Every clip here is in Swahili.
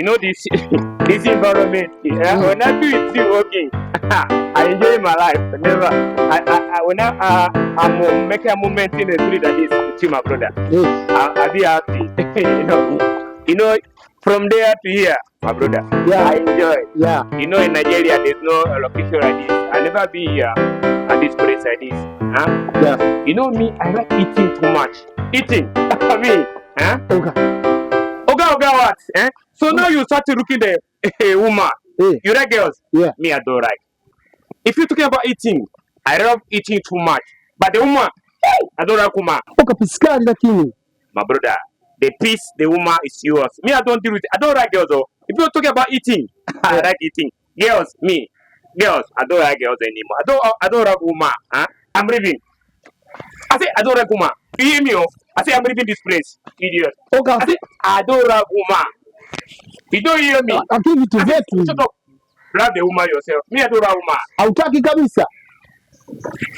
you know this this environment. Yeah, eh? mm. When I do it okay, I enjoy my life. Never, I, I, I when I, uh, I'm making a moment in the street that is to my brother. Yes. I, I be happy. you know, you know, from there to here, my brother. Yeah, I enjoy. Yeah. You know, in Nigeria, there's no location like this. I never be here uh, at this place like this. Huh? Yeah. You know me, I like eating too much. Eating. Me? huh? Okay. Okay, okay, what? Huh? Eh? So now you start looking the uh, woman. Yeah. You like girls? Yeah. Me, I don't like. If you're talking about eating, I love eating too much. But the woman, I don't like woman. Ukapisikani My brother, the peace, the woman is yours. Me, I don't deal with it. I don't like girls though. If you're talking about eating, I like eating. Girls, me. Girls, I don't like girls anymore. I don't, I don't like woman. Huh? I'm leaving. I say, I don't like woman. You hear me? Oh? I say, I'm leaving this place. Idiot. Okay. I say, I don't like woman. Ndio hiyo mimi. Lakini vitu vyetu. Labda uma yourself. Mimi ndo uma. Hautaki kabisa.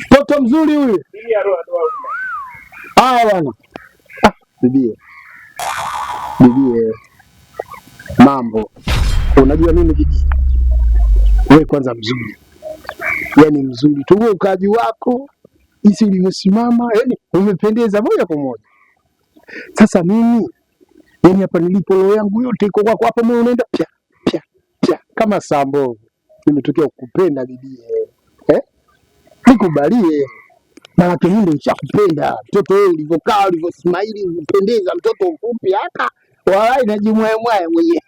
Toto mzuri huyu. Mimi ndo ndo uma. Ah bwana. Ah, bibi. Bibi. Mambo. Unajua nini bibi? Wewe kwanza mzuri. Yaani mzuri. Tu ukaji wako jinsi ulivyosimama, yaani umependeza moja kwa moja. Sasa mimi Yaani hapa nilipo roho yangu yote iko kwako, hapa moyo unaenda pia pia pia kama sambo. Nimetokea kukupenda bibi, eh, nikubalie malaki hili, nishakupenda mtoto wewe, ulivyokaa ulivyosimahili, ulipendeza mtoto mfupi haka walai na jimwaemwae mwenye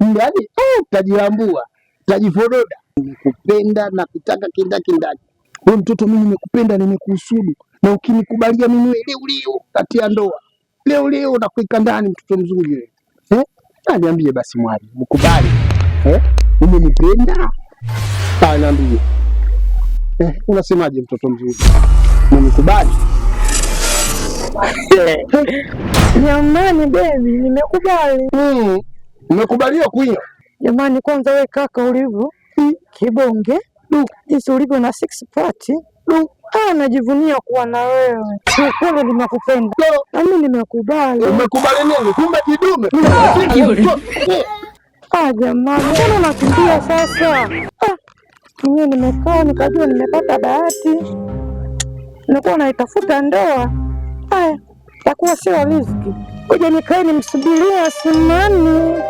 ndani oh, utajilambua, utajifododa. Nimekupenda na kutaka kindaki ndani wewe mtoto, mimi nimekupenda, nimekuhusudu na ukinikubalia mimi wewe leo leo katia ndoa leo leo nakuweka ndani, mtoto mzuri eh? Ah, niambie basi mwali, mkubali eh? Umenipenda ah, niambie eh, unasemaje mtoto mzuri, umenikubali? Jamani bebi, nimekubali. Mm, umekubaliwa kuinywa? Jamani kwanza wewe kaka ulivyo hmm. kibonge, hmm. jinsi ulivyo na six party hmm. Ah, najivunia kuwa na wewe. Kiukweli nimekupenda. Na mimi nimekubali. Umekubali nini? Kumbe kidume. Ah, jamani, mbona nakimbia sasa? Ah, mimi nimekaa nikajua nimepata bahati. Nilikuwa naitafuta ndoa. Haya, takuwa sio riziki. Kuja nikae nimsubiria Athumani.